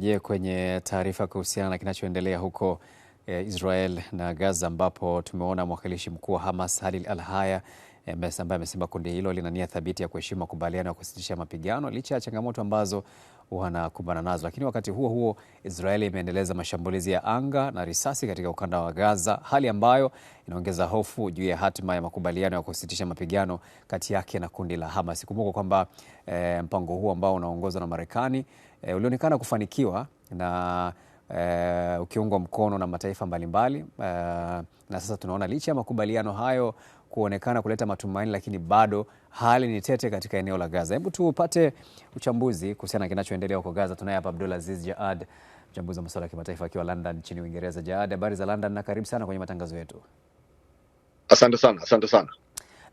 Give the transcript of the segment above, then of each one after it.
turejee kwenye taarifa kuhusiana na kinachoendelea huko eh, Israel na Gaza ambapo tumeona mwakilishi mkuu wa Hamas Halil alhaya eh, ambaye amesema kundi hilo lina nia thabiti ya kuheshimu makubaliano ya kusitisha mapigano licha ya changamoto ambazo wanakumbana nazo. Lakini wakati huo huo, Israeli imeendeleza mashambulizi ya anga na risasi katika ukanda wa Gaza, hali ambayo inaongeza hofu juu ya hatima ya makubaliano ya kusitisha mapigano kati yake na kundi la Hamas. Kumbuka kwamba e, mpango huo ambao unaongozwa na Marekani e, ulionekana kufanikiwa na e, ukiungwa mkono na mataifa mbalimbali E, na sasa tunaona licha ya makubaliano hayo kuonekana kuleta matumaini, lakini bado hali ni tete katika eneo la Gaza. Hebu tupate uchambuzi kuhusiana na kinachoendelea huko Gaza. Tunaye hapa Abdul Aziz Jaad, mchambuzi wa masuala ya kimataifa akiwa London nchini Uingereza. Jaad, habari za London na karibu sana kwenye matangazo yetu. Asante sana, asante sana.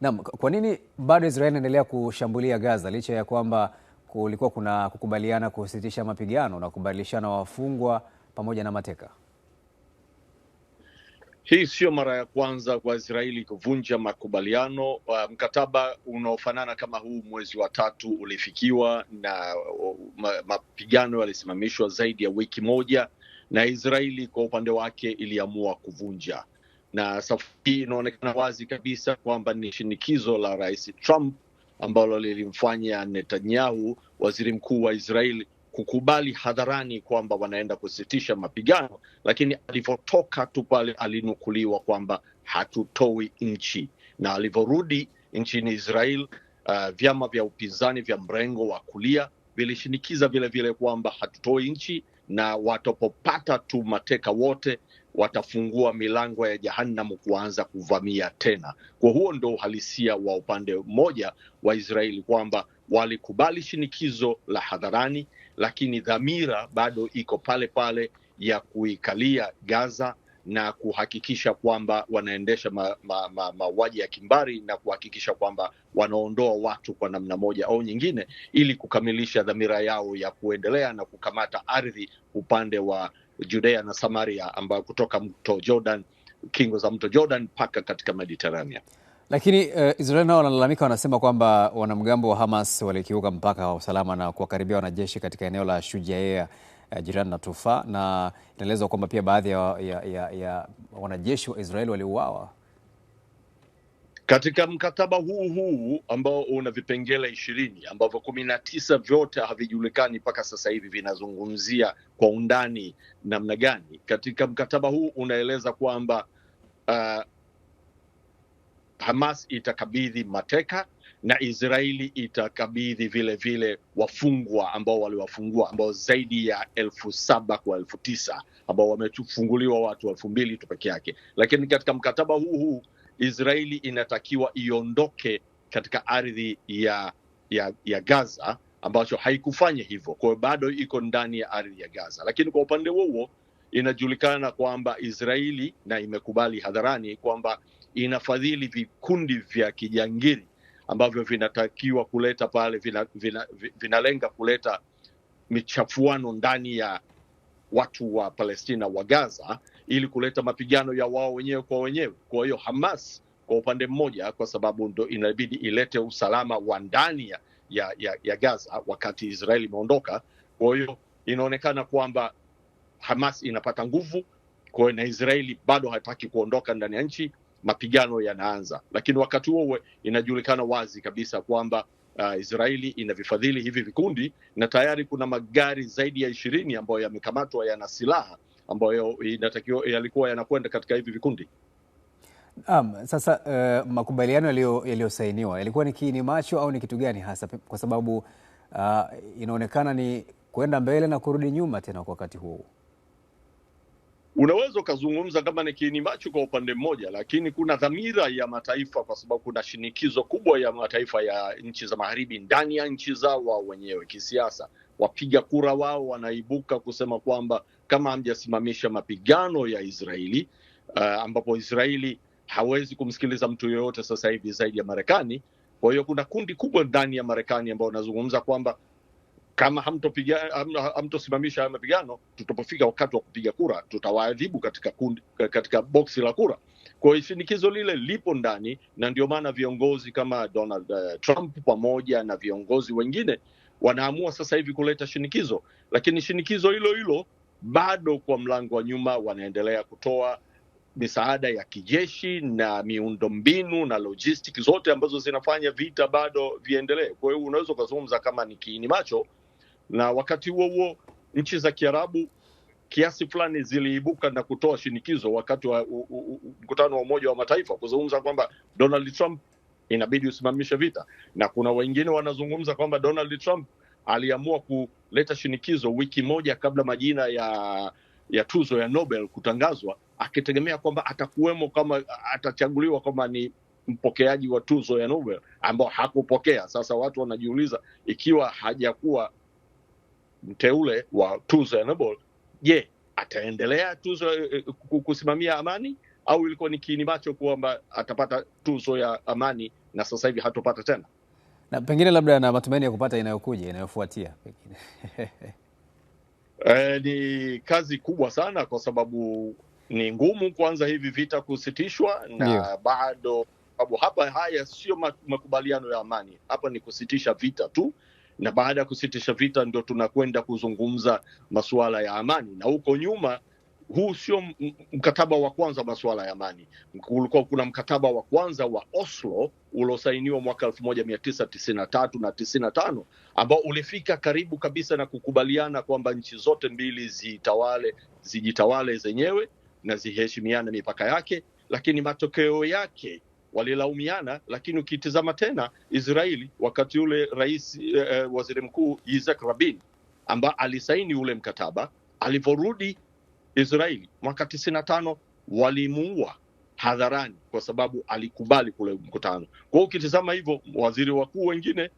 Naam, kwa nini bado Israeli inaendelea kushambulia Gaza licha ya kwamba kulikuwa kuna kukubaliana kusitisha mapigano na kubadilishana wafungwa pamoja na mateka? Hii siyo mara ya kwanza kwa Israeli kuvunja makubaliano. Uh, mkataba unaofanana kama huu mwezi wa tatu ulifikiwa na uh, mapigano yalisimamishwa zaidi ya wiki moja, na Israeli kwa upande wake iliamua kuvunja, na safari hii inaonekana wazi kabisa kwamba ni shinikizo la Rais Trump ambalo lilimfanya Netanyahu, waziri mkuu wa Israeli, kukubali hadharani kwamba wanaenda kusitisha mapigano, lakini alivyotoka tu pale alinukuliwa kwamba hatutoi nchi, na alivyorudi nchini Israel uh, vyama vya upinzani vya mrengo wa kulia vilishinikiza vile vile kwamba hatutoi nchi na watapopata tu mateka wote watafungua milango ya jehanamu kuanza kuvamia tena. Kwa huo ndo uhalisia wa upande mmoja wa Israeli kwamba walikubali shinikizo la hadharani lakini dhamira bado iko pale pale ya kuikalia Gaza na kuhakikisha kwamba wanaendesha mauaji ma, ma, ma ya kimbari na kuhakikisha kwamba wanaondoa watu kwa namna moja au nyingine, ili kukamilisha dhamira yao ya kuendelea na kukamata ardhi upande wa Judea na Samaria, ambayo kutoka mto Jordan, kingo za mto Jordan mpaka katika Mediterania. Lakini uh, Israel nao wanalalamika, wanasema kwamba wanamgambo wa Hamas walikiuka mpaka wa usalama na kuwakaribia wanajeshi katika eneo la Shujaea uh, jirani na Tufa, na inaelezwa kwamba pia baadhi ya, ya, ya, ya wanajeshi wa Israel waliuawa katika mkataba huu huu ambao una vipengele ishirini ambavyo kumi na tisa vyote havijulikani mpaka sasa hivi vinazungumzia kwa undani namna gani. Katika mkataba huu unaeleza kwamba uh, Hamas itakabidhi mateka na Israeli itakabidhi vile vile wafungwa ambao waliwafungua ambao zaidi ya elfu saba kwa elfu tisa ambao wamefunguliwa watu elfu mbili tu peke yake. Lakini katika mkataba huu huu Israeli inatakiwa iondoke katika ardhi ya, ya, ya Gaza ambacho haikufanya hivyo, kwa hiyo bado iko ndani ya ardhi ya Gaza. Lakini kwa upande huo inajulikana kwamba Israeli na imekubali hadharani kwamba inafadhili vikundi vya kijangiri ambavyo vinatakiwa kuleta pale, vinalenga vina, vina, kuleta michafuano ndani ya watu wa Palestina wa Gaza ili kuleta mapigano ya wao wenyewe kwa wenyewe. Kwa hiyo Hamas kwa upande mmoja, kwa sababu ndo inabidi ilete usalama wa ndani ya, ya, ya Gaza wakati Israeli imeondoka. Kwa hiyo inaonekana kwamba Hamas inapata nguvu, kwa hiyo na Israeli bado hataki kuondoka ndani ya nchi mapigano yanaanza, lakini wakati huo inajulikana wazi kabisa kwamba uh, Israeli inavifadhili hivi vikundi na tayari kuna magari zaidi ya ishirini ambayo yamekamatwa yana silaha ambayo inatakiwa yalikuwa yanakwenda katika hivi vikundi. Um, sasa uh, makubaliano yaliyosainiwa yalikuwa ni kiini macho au ni kitu gani hasa, kwa sababu uh, inaonekana ni kwenda mbele na kurudi nyuma tena kwa wakati huo unaweza ukazungumza kama ni kiini macho kwa upande mmoja, lakini kuna dhamira ya mataifa, kwa sababu kuna shinikizo kubwa ya mataifa ya nchi za magharibi ndani ya nchi zao wao wenyewe kisiasa. Wapiga kura wao wanaibuka kusema kwamba kama hamjasimamisha mapigano ya Israeli uh, ambapo Israeli hawezi kumsikiliza mtu yoyote sasa hivi zaidi ya Marekani. Kwa hiyo kuna kundi kubwa ndani ya Marekani ambao wanazungumza kwamba kama hamtopiga hamtosimamisha haya mapigano, tutapofika wakati wa kupiga kura tutawaadhibu katika kundi, katika boksi la kura. Kwa hiyo shinikizo lile lipo ndani, na ndio maana viongozi kama Donald uh, Trump pamoja na viongozi wengine wanaamua sasa hivi kuleta shinikizo, lakini shinikizo hilo hilo bado kwa mlango wa nyuma wanaendelea kutoa misaada ya kijeshi na miundombinu na logistics zote ambazo zinafanya vita bado viendelee. Kwa hiyo unaweza ukazungumza kama ni kiini macho, na wakati huo huo nchi za Kiarabu kiasi fulani ziliibuka na kutoa shinikizo wakati wa mkutano wa Umoja wa Mataifa kuzungumza kwamba Donald Trump inabidi usimamishe vita, na kuna wengine wanazungumza kwamba Donald Trump aliamua kuleta shinikizo wiki moja kabla majina ya ya tuzo ya Nobel kutangazwa, akitegemea kwamba atakuwemo kama atachaguliwa kama ni mpokeaji wa tuzo ya Nobel ambao hakupokea. Sasa watu wanajiuliza ikiwa hajakuwa mteule wa tuzo ya Nobel, je, ataendelea tuzo eh, eh, kusimamia amani au ilikuwa ni kiini macho kwamba atapata tuzo ya amani na sasa hivi hatopata tena, na pengine labda na matumaini ya kupata inayokuja inayofuatia pengine? E, ni kazi kubwa sana kwa sababu ni ngumu kwanza hivi vita kusitishwa na yeah. Bado sababu hapa haya sio makubaliano ya amani, hapa ni kusitisha vita tu na baada ya kusitisha vita ndio tunakwenda kuzungumza masuala ya amani, na huko nyuma huu sio mkataba wa kwanza wa masuala ya amani. Kulikuwa kuna mkataba wa kwanza wa Oslo uliosainiwa mwaka elfu moja mia tisa tisini na tatu na tisini na tano ambao ulifika karibu kabisa na kukubaliana kwamba nchi zote mbili zitawale zijitawale zenyewe na ziheshimiane mipaka yake, lakini matokeo yake walilaumiana, lakini ukitizama tena Israeli wakati ule rais eh, eh waziri mkuu Yitzhak Rabin ambaye alisaini ule mkataba alivyorudi Israeli mwaka tisini na tano walimuua hadharani kwa sababu alikubali kule mkutano. Kwa hiyo ukitizama hivyo, waziri wakuu wengine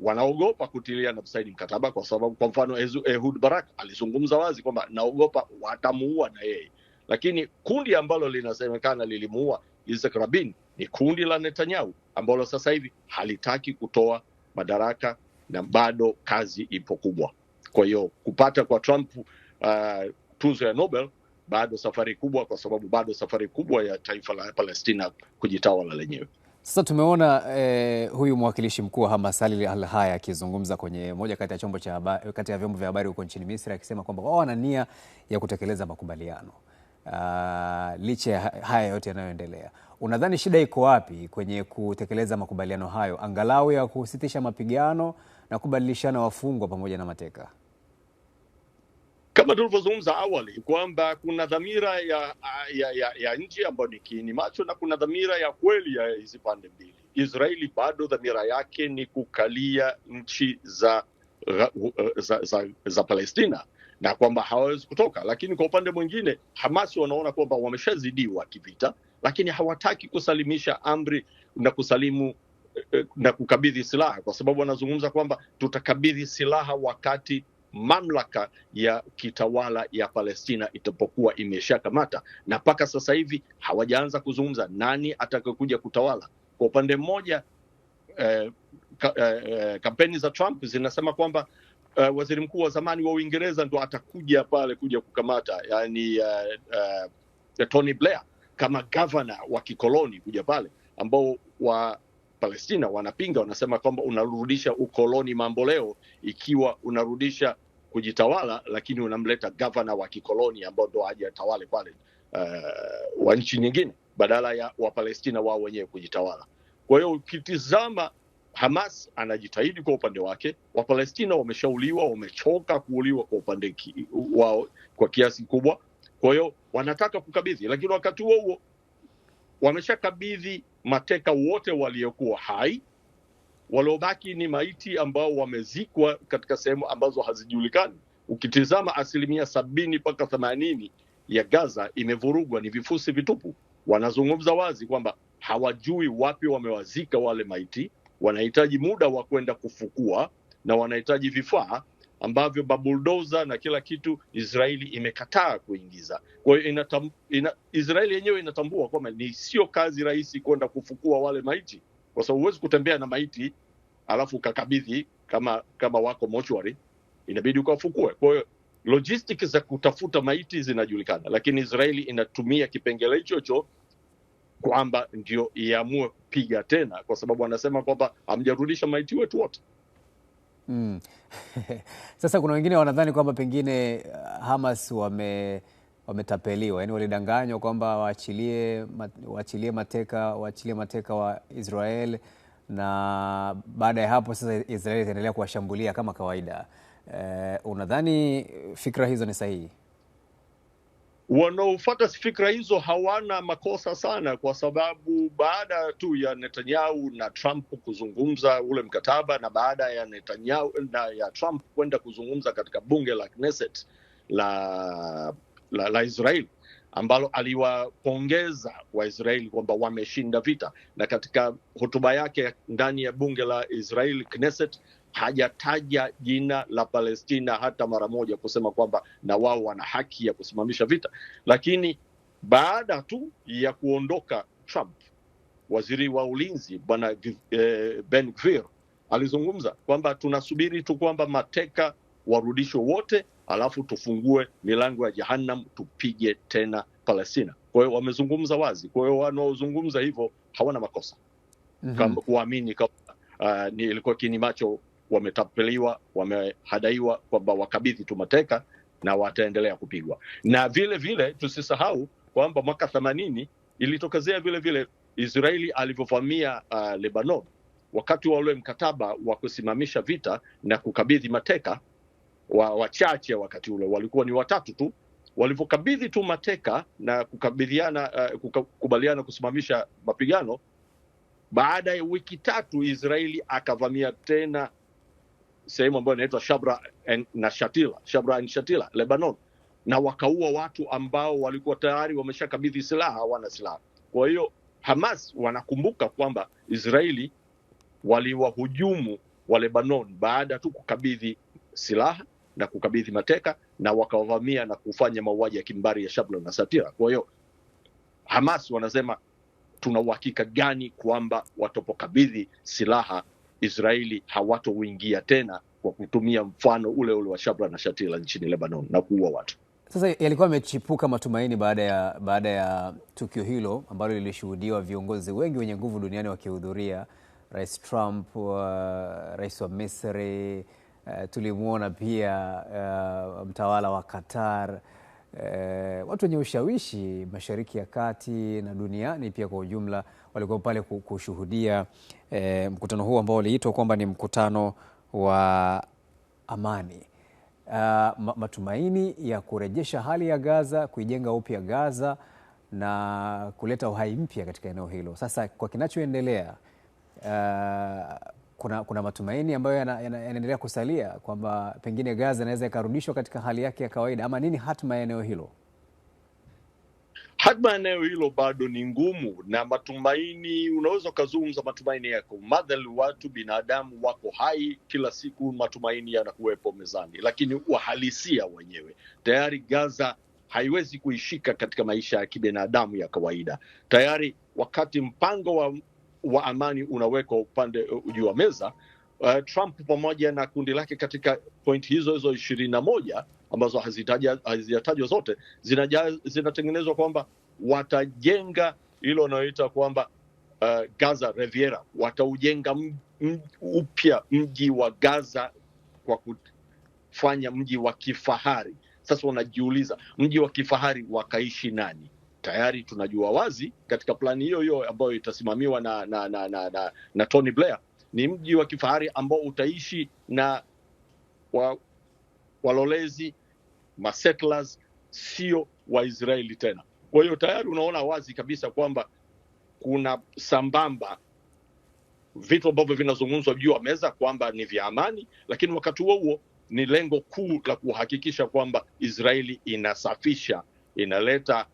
wanaogopa kutilia na kusaini mkataba kwa sababu, kwa mfano, Ehud Barak alizungumza wazi kwamba naogopa watamuua na yeye, lakini kundi ambalo linasemekana lilimuua Yitzhak Rabin ni kundi la Netanyahu ambalo sasa hivi halitaki kutoa madaraka na bado kazi ipo kubwa. Kwa hiyo kupata kwa Trump uh, tuzo ya Nobel bado safari kubwa, kwa sababu bado safari kubwa ya taifa la Palestina kujitawala lenyewe. Sasa tumeona eh, huyu mwakilishi mkuu wa Hamas Ali Al-Haya akizungumza kwenye moja kati ya chombo cha habari, kati ya vyombo vya habari huko nchini Misri akisema kwamba wao wana nia ya kutekeleza makubaliano uh, licha ya haya yote yanayoendelea. Unadhani shida iko wapi kwenye kutekeleza makubaliano hayo angalau ya kusitisha mapigano na kubadilishana wafungwa pamoja na mateka? Kama tulivyozungumza awali kwamba kuna dhamira ya, ya, ya, ya nchi ambayo ni kiini macho na kuna dhamira ya kweli ya hizi pande mbili. Israeli bado dhamira yake ni kukalia nchi za, za, za, za, za Palestina na kwamba hawawezi kutoka, lakini kwa upande mwingine Hamasi wanaona kwamba wameshazidiwa kivita, lakini hawataki kusalimisha amri na kusalimu eh, eh, na kukabidhi silaha, kwa sababu wanazungumza kwamba tutakabidhi silaha wakati mamlaka ya kitawala ya Palestina itapokuwa imeshakamata, na mpaka sasa hivi hawajaanza kuzungumza nani atakayekuja kutawala. Kwa upande mmoja eh, ka, eh, eh kampeni za Trump zinasema kwamba uh, waziri mkuu wa zamani wa Uingereza ndo atakuja pale kuja kukamata yani, uh, eh, uh, eh, Tony Blair kama gavana wa kikoloni kuja pale, ambao wa Palestina wanapinga, wanasema kwamba unarudisha ukoloni mambo leo, ikiwa unarudisha kujitawala, lakini unamleta gavana wa kikoloni ambao ndo aje atawale pale uh, wa nchi nyingine badala ya Wapalestina wao wenyewe kujitawala. Kwa hiyo ukitizama Hamas anajitahidi kwa upande wake. Wapalestina wameshauliwa, wamechoka kuuliwa kwa upande wao kwa kiasi kubwa Kwa hiyo wanataka kukabidhi, lakini wakati huo huo wameshakabidhi mateka wote waliokuwa hai. Waliobaki ni maiti ambao wamezikwa katika sehemu ambazo hazijulikani. Ukitizama asilimia sabini mpaka themanini ya Gaza imevurugwa, ni vifusi vitupu. Wanazungumza wazi kwamba hawajui wapi wamewazika wale maiti wanahitaji muda wa kwenda kufukua na wanahitaji vifaa ambavyo babuldoza na kila kitu Israeli imekataa kuingiza. Kwa hiyo inatam, ina, Israeli yenyewe inatambua kwamba ni sio kazi rahisi kwenda kufukua wale maiti, kwa sababu huwezi kutembea na maiti alafu ukakabidhi kama kama wako mochwari, inabidi ukafukue Kwa hiyo logistics za kutafuta maiti zinajulikana, lakini Israeli inatumia kipengele hicho hicho kwamba ndio iamue kupiga tena, kwa sababu anasema kwamba amjarudisha maiti wetu wote. Mm. Sasa kuna wengine wanadhani kwamba pengine uh, Hamas wame wametapeliwa yani, walidanganywa kwamba waachilie waachilie mateka waachilie mateka wa Israel, na baada ya hapo sasa Israel itaendelea kuwashambulia kama kawaida. Eh, unadhani fikra hizo ni sahihi? wanaofuata fikra hizo hawana makosa sana, kwa sababu baada tu ya Netanyahu na Trump kuzungumza ule mkataba na baada ya Netanyahu na ya Trump kwenda kuzungumza katika bunge la Knesset la, la, la Israel ambalo aliwapongeza Waisraeli kwamba wameshinda vita, na katika hotuba yake ndani ya bunge la israel Knesset hajataja jina la Palestina hata mara moja, kusema kwamba na wao wana haki ya kusimamisha vita. Lakini baada tu ya kuondoka Trump, waziri wa ulinzi bwana eh, Ben Gvir alizungumza kwamba tunasubiri tu kwamba mateka warudishwe wote, alafu tufungue milango ya jahannam, tupige tena Palestina. Kwa hiyo wamezungumza wazi. Kwa hiyo wanaozungumza hivyo hawana makosa mm -hmm. kuamini kama uh, ni ilikuwa kini macho wametapeliwa, wamehadaiwa kwamba wakabidhi tu mateka na wataendelea kupigwa. Na vile vile tusisahau kwamba mwaka themanini ilitokezea vile vile Israeli alivyovamia uh, Lebanon wakati wa ule mkataba wa kusimamisha vita na kukabidhi mateka wa wachache, wakati ule walikuwa ni watatu tu, walivyokabidhi tu mateka na kukabidhiana uh, kukubaliana kusimamisha mapigano, baada ya wiki tatu Israeli akavamia tena sehemu ambayo inaitwa Shabra na Shatila, Shabra and Shatila Lebanon, na wakaua watu ambao walikuwa tayari wameshakabidhi silaha, hawana silaha. Kwa hiyo Hamas wanakumbuka kwamba Israeli waliwahujumu wa Lebanon baada tu kukabidhi silaha na kukabidhi mateka na wakawavamia na kufanya mauaji ya kimbari ya Shabla na Satira. Kwa hiyo Hamas wanasema tuna uhakika gani kwamba watopokabidhi silaha Israeli hawatouingia tena kwa kutumia mfano ule ule wa Shabra na Shatila nchini Lebanon na kuua watu. Sasa yalikuwa yamechipuka matumaini baada ya, baada ya tukio hilo ambalo lilishuhudiwa viongozi wengi wenye nguvu duniani wakihudhuria, Rais Trump, uh, rais wa Misri, uh, tulimwona pia uh, mtawala wa Qatar, uh, watu wenye ushawishi Mashariki ya Kati na duniani pia kwa ujumla walikuwa pale kushuhudia e, mkutano huu ambao uliitwa kwamba ni mkutano wa amani uh, matumaini ya kurejesha hali ya Gaza, kuijenga upya Gaza na kuleta uhai mpya katika eneo hilo. Sasa kwa kinachoendelea uh, kuna, kuna matumaini ambayo yanaendelea yana, yana kusalia kwamba pengine Gaza inaweza ikarudishwa katika hali yake ya kawaida ama nini hatma ya eneo hilo? Hatima ya eneo hilo bado ni ngumu, na matumaini, unaweza ukazungumza matumaini yako madhali watu binadamu wako hai kila siku, matumaini yanakuwepo mezani, lakini uhalisia wenyewe tayari Gaza haiwezi kuishika katika maisha ya kibinadamu ya kawaida. Tayari wakati mpango wa, wa amani unawekwa upande uh, juu wa meza, uh, Trump pamoja na kundi lake katika pointi hizo hizo ishirini na moja ambazo hazijatajwa zote, zinatengenezwa kwamba watajenga hilo wanaoita kwamba uh, Gaza reviera wataujenga upya mji wa Gaza kwa kufanya mji wa kifahari. Sasa wanajiuliza mji wa kifahari wakaishi nani? Tayari tunajua wazi katika plani hiyo hiyo ambayo itasimamiwa na, na, na, na, na, na Tony Blair ni mji wa kifahari ambao utaishi na wa, walolezi masettlers sio Waisraeli tena. Kwa hiyo tayari unaona wazi kabisa kwamba kuna sambamba vitu ambavyo vinazungumzwa juu ya meza kwamba ni vya amani, lakini wakati huo huo ni lengo kuu la kuhakikisha kwamba Israeli inasafisha, inaleta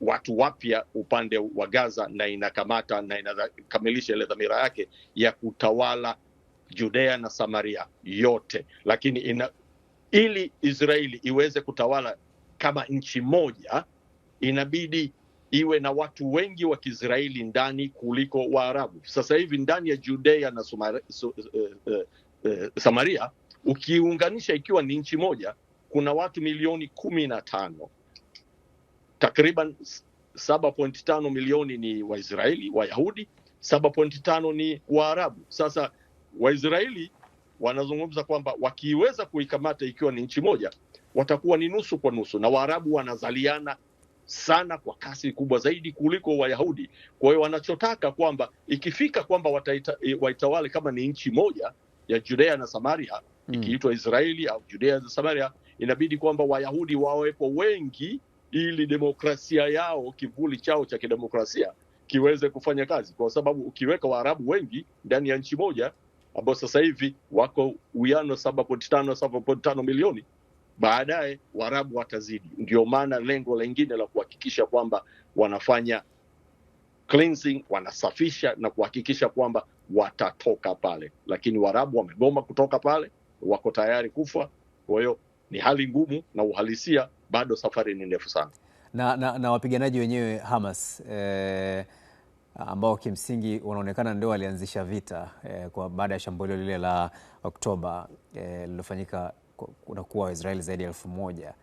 watu wapya upande wa Gaza na inakamata na inakamilisha ile dhamira yake ya kutawala Judea na Samaria yote, lakini ina, ili Israeli iweze kutawala kama nchi moja, inabidi iwe na watu wengi wa Kiisraeli ndani kuliko Waarabu. Sasa hivi ndani ya Judea na Sumari, su, uh, uh, uh, Samaria ukiunganisha ikiwa ni nchi moja, kuna watu milioni kumi na tano takriban 7.5 milioni ni Waisraeli Wayahudi, 7.5 ni Waarabu. Sasa Waisraeli wanazungumza kwamba wakiweza kuikamata ikiwa ni nchi moja watakuwa ni nusu kwa nusu, na Waarabu wanazaliana sana kwa kasi kubwa zaidi kuliko Wayahudi. Kwa hiyo wanachotaka kwamba ikifika kwamba e, waitawale kama ni nchi moja ya Judea na Samaria mm. ikiitwa Israeli au Judea na Samaria, inabidi kwamba Wayahudi wawepo wengi ili demokrasia yao, kivuli chao cha kidemokrasia kiweze kufanya kazi, kwa sababu ukiweka Waarabu wengi ndani ya nchi moja ambao sasa hivi wako uwiano 7.5 7.5 milioni. Baadaye warabu watazidi. Ndio maana lengo lengine la kuhakikisha kwamba wanafanya cleansing, wanasafisha na kuhakikisha kwamba watatoka pale, lakini warabu wamegoma kutoka pale, wako tayari kufa. Kwa hiyo ni hali ngumu na uhalisia, bado safari ni ndefu sana na, na, na wapiganaji wenyewe Hamas eh ambao kimsingi wanaonekana ndio walianzisha vita eh, kwa baada ya shambulio lile la Oktoba eh, lililofanyika eh, na kuwa Waisraeli zaidi ya elfu moja.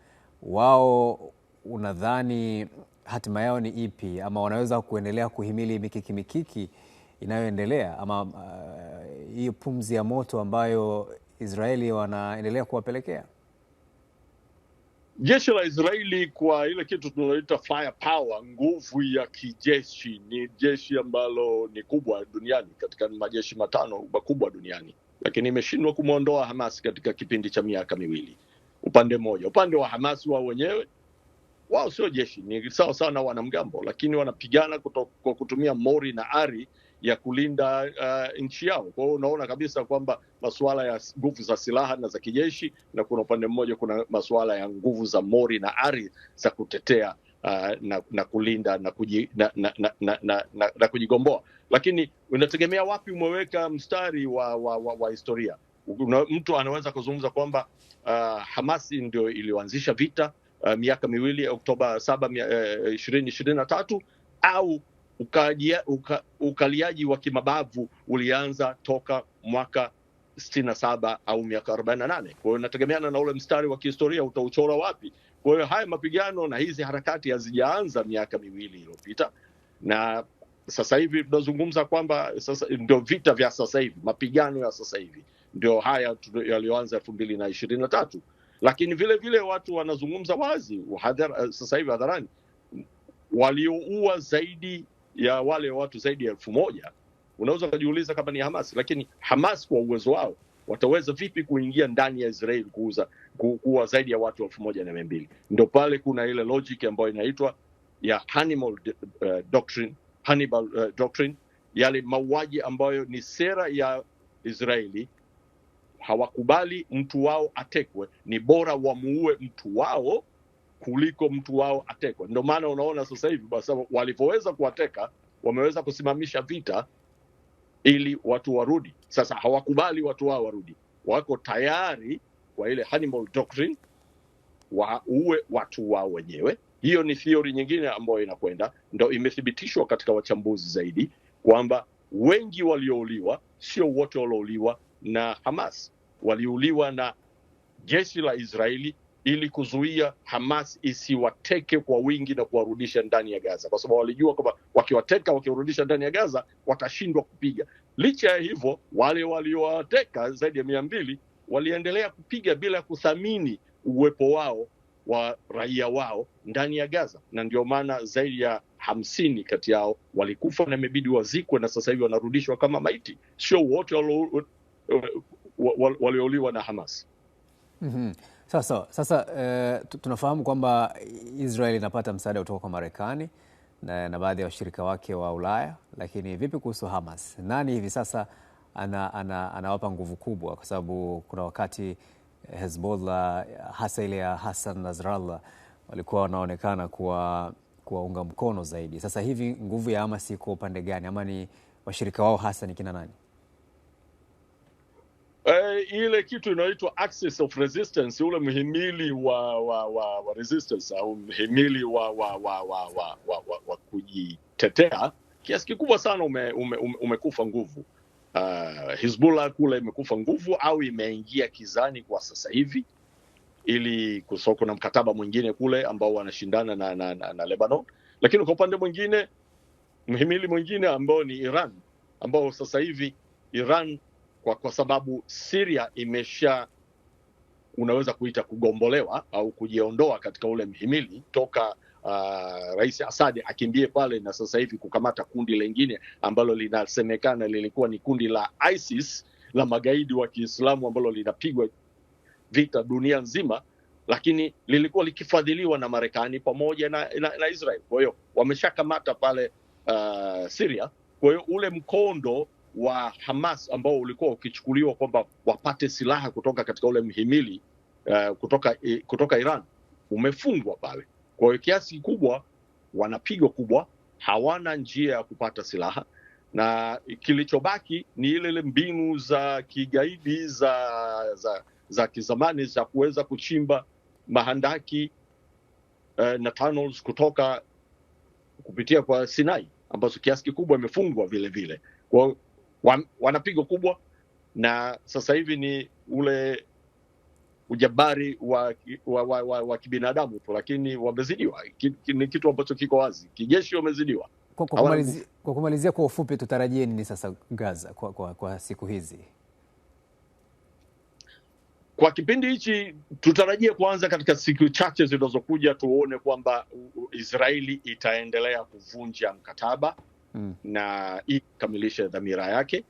Wao unadhani hatima yao ni ipi, ama wanaweza kuendelea kuhimili mikiki mikiki inayoendelea ama eh, hiyo uh, pumzi ya moto ambayo Israeli wanaendelea kuwapelekea? jeshi la Israeli kwa ile kitu tunaloita power, nguvu ya kijeshi, ni jeshi ambalo ni kubwa duniani katika majeshi matano makubwa duniani, lakini imeshindwa kumwondoa Hamas katika kipindi cha miaka miwili. Upande mmoja, upande wa Hamas wao wenyewe, wao sio jeshi, ni sawa sawa na wanamgambo, lakini wanapigana kwa kutumia mori na ari ya kulinda uh, nchi yao. Kwa hiyo unaona kabisa kwamba masuala ya nguvu za silaha na za kijeshi, na kuna upande mmoja kuna masuala ya nguvu za mori na ari za kutetea Uh, na, na kulinda na, kuji, na, na, na, na, na, na, na kujigomboa, lakini unategemea wapi umeweka mstari wa, wa, wa, wa historia. Una, mtu anaweza kuzungumza kwamba uh, Hamasi ndio iliyoanzisha vita uh, miaka miwili Oktoba saba eh, ishirini ishirini na tatu au ukaliaji uka, ukaliaji wa kimabavu ulianza toka mwaka saba au miaka na Kwa hiyo inategemeana na ule mstari wa kihistoria utauchora wapi. Kwa hiyo haya mapigano na hizi harakati hazijaanza miaka miwili iliyopita, na sasa hivi tunazungumza kwamba sasa ndio vita vya sasa hivi, mapigano ya sasa hivi ndio haya yaliyoanza elfu mbili na ishirini na tatu, lakini vile vile watu wanazungumza wazi sasahivi sasa hivi hadharani walioua zaidi ya wale watu zaidi ya elfu moja unaweza ukajiuliza kama ni Hamas, lakini Hamas kwa uwezo wao wataweza vipi kuingia ndani ya Israel kuuza kuwa zaidi ya watu elfu moja na mia mbili? Ndo pale kuna ile logic ambayo inaitwa ya Hannibal uh, doctrine, Hannibal uh, doctrine, yale mauaji ambayo ni sera ya Israeli. Hawakubali mtu wao atekwe, ni bora wamuue mtu wao kuliko mtu wao atekwe. Ndio maana unaona sasa hivi basi walivyoweza kuwateka wameweza kusimamisha vita ili watu warudi. Sasa hawakubali watu wao warudi, wako tayari kwa ile Hannibal Doctrine waue watu wao wenyewe. Hiyo ni theory nyingine ambayo inakwenda, ndo imethibitishwa katika wachambuzi zaidi kwamba wengi waliouliwa sio wote waliouliwa na Hamas, waliuliwa na jeshi la Israeli ili kuzuia Hamas isiwateke kwa wingi na kuwarudisha ndani ya Gaza, kwa sababu walijua kwamba wakiwateka, wakiwarudisha ndani ya Gaza watashindwa kupiga. Licha ya hivyo, wale waliowateka zaidi ya mia mbili waliendelea kupiga bila kuthamini uwepo wao wa raia wao ndani ya Gaza, na ndio maana zaidi ya hamsini kati yao walikufa na imebidi wazikwe, na sasa hivi wanarudishwa kama maiti, sio wote waliouliwa na Hamas. mm -hmm. Sawa sawa. Sasa uh, tunafahamu kwamba Israel inapata msaada kutoka kwa Marekani na, na baadhi ya wa washirika wake wa Ulaya, lakini vipi kuhusu Hamas? Nani hivi sasa anawapa ana, ana nguvu kubwa? Kwa sababu kuna wakati Hezbollah hasa ile ya Hassan Nasrallah walikuwa wanaonekana kuwa kuwaunga mkono zaidi. Sasa hivi nguvu ya Hamas iko upande gani, ama ni washirika wao hasa ni kina nani? Uh, ile kitu inaitwa axis of resistance, ule mhimili wa wa, wa, wa resistance au mhimili wa wa, wa, wa, wa, wa, wa, wa kujitetea kiasi kikubwa sana ume, ume, ume, umekufa nguvu. Uh, Hizbullah kule imekufa nguvu au imeingia kizani kwa sasa hivi, ili kusoko na mkataba mwingine kule ambao wanashindana na, na, na, na Lebanon, lakini kwa upande mwingine mhimili mwingine ambao ni Iran ambao sasa hivi Iran kwa, kwa sababu Syria imesha unaweza kuita kugombolewa au kujiondoa katika ule mhimili toka uh, Rais Assad akimbie pale na sasa hivi kukamata kundi lengine ambalo linasemekana lilikuwa ni kundi la ISIS la magaidi wa Kiislamu ambalo linapigwa vita dunia nzima, lakini lilikuwa likifadhiliwa na Marekani pamoja na, na, na Israel. Kwa hiyo wameshakamata pale uh, Syria. Kwa hiyo ule mkondo wa Hamas ambao ulikuwa ukichukuliwa kwamba wapate silaha kutoka katika ule mhimili uh, kutoka, eh, kutoka Iran umefungwa pale. Kwa hiyo kiasi kikubwa wanapigwa kubwa, hawana njia ya kupata silaha na kilichobaki ni ile ile mbinu za kigaidi za, za, za kizamani za kuweza kuchimba mahandaki uh, na tunnels kutoka kupitia kwa Sinai ambazo kiasi kikubwa imefungwa vile vile. Kwa wan, wana pigo kubwa, na sasa hivi ni ule ujabari wa, wa, wa, wa, wa kibinadamu tu, lakini wamezidiwa. Ni kitu ambacho kiko wazi, kijeshi wamezidiwa. Kwa, kwa, kumalizia, kwa kumalizia kwa ufupi, tutarajie nini sasa Gaza kwa, kwa, kwa siku hizi kwa kipindi hichi? Tutarajie kuanza katika siku chache zinazokuja, tuone kwamba Israeli itaendelea kuvunja mkataba Mm. na ikamilishe dhamira yake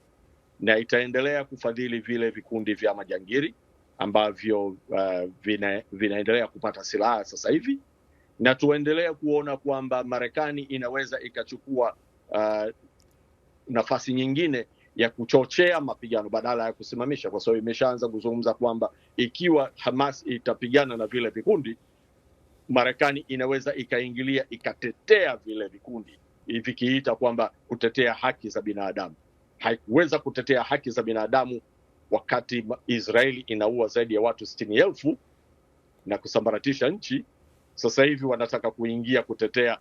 na itaendelea kufadhili vile vikundi vya majangiri ambavyo uh, vina, vinaendelea kupata silaha sasa hivi na tuendelee kuona kwamba Marekani inaweza ikachukua uh, nafasi nyingine ya kuchochea mapigano badala ya kusimamisha, kwa sababu imeshaanza kuzungumza kwamba ikiwa Hamas itapigana na vile vikundi, Marekani inaweza ikaingilia ikatetea vile vikundi vikiita kwamba kutetea haki za binadamu. Haikuweza kutetea haki za binadamu wakati Israeli inaua zaidi ya watu sitini elfu na kusambaratisha nchi. Sasa hivi wanataka kuingia kutetea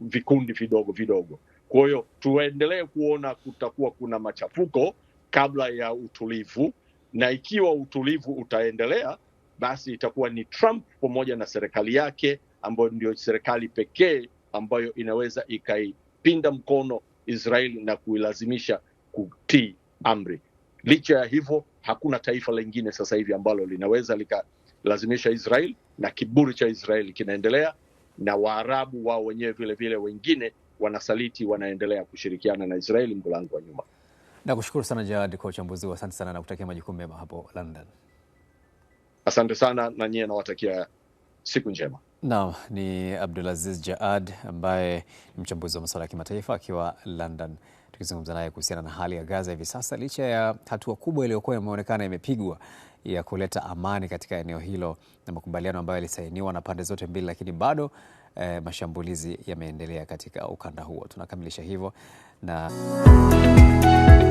vikundi vidogo vidogo. Kwa hiyo tuendelee kuona kutakuwa kuna machafuko kabla ya utulivu, na ikiwa utulivu utaendelea, basi itakuwa ni Trump pamoja na serikali yake ambayo ndio serikali pekee ambayo inaweza ikaipinda mkono Israeli na kuilazimisha kutii amri. Licha ya hivyo, hakuna taifa lingine sasa hivi ambalo linaweza likalazimisha israel na kiburi cha Israeli kinaendelea, na Waarabu wao wenyewe vile vile wengine wanasaliti, wanaendelea kushirikiana na Israeli mlango wa nyuma. Nakushukuru sana jad kwa uchambuzi huu asante sana na kutakia majukumu mema hapo London. Asante sana na nyie, nawatakia siku njema. Naam, ni Abdulaziz Jaad ambaye ni mchambuzi wa masuala ya kimataifa akiwa London, tukizungumza naye kuhusiana na hali ya Gaza hivi sasa, licha ya hatua kubwa iliyokuwa imeonekana imepigwa ya kuleta amani katika eneo hilo na makubaliano ambayo yalisainiwa na pande zote mbili, lakini bado eh, mashambulizi yameendelea katika ukanda huo. Tunakamilisha hivyo na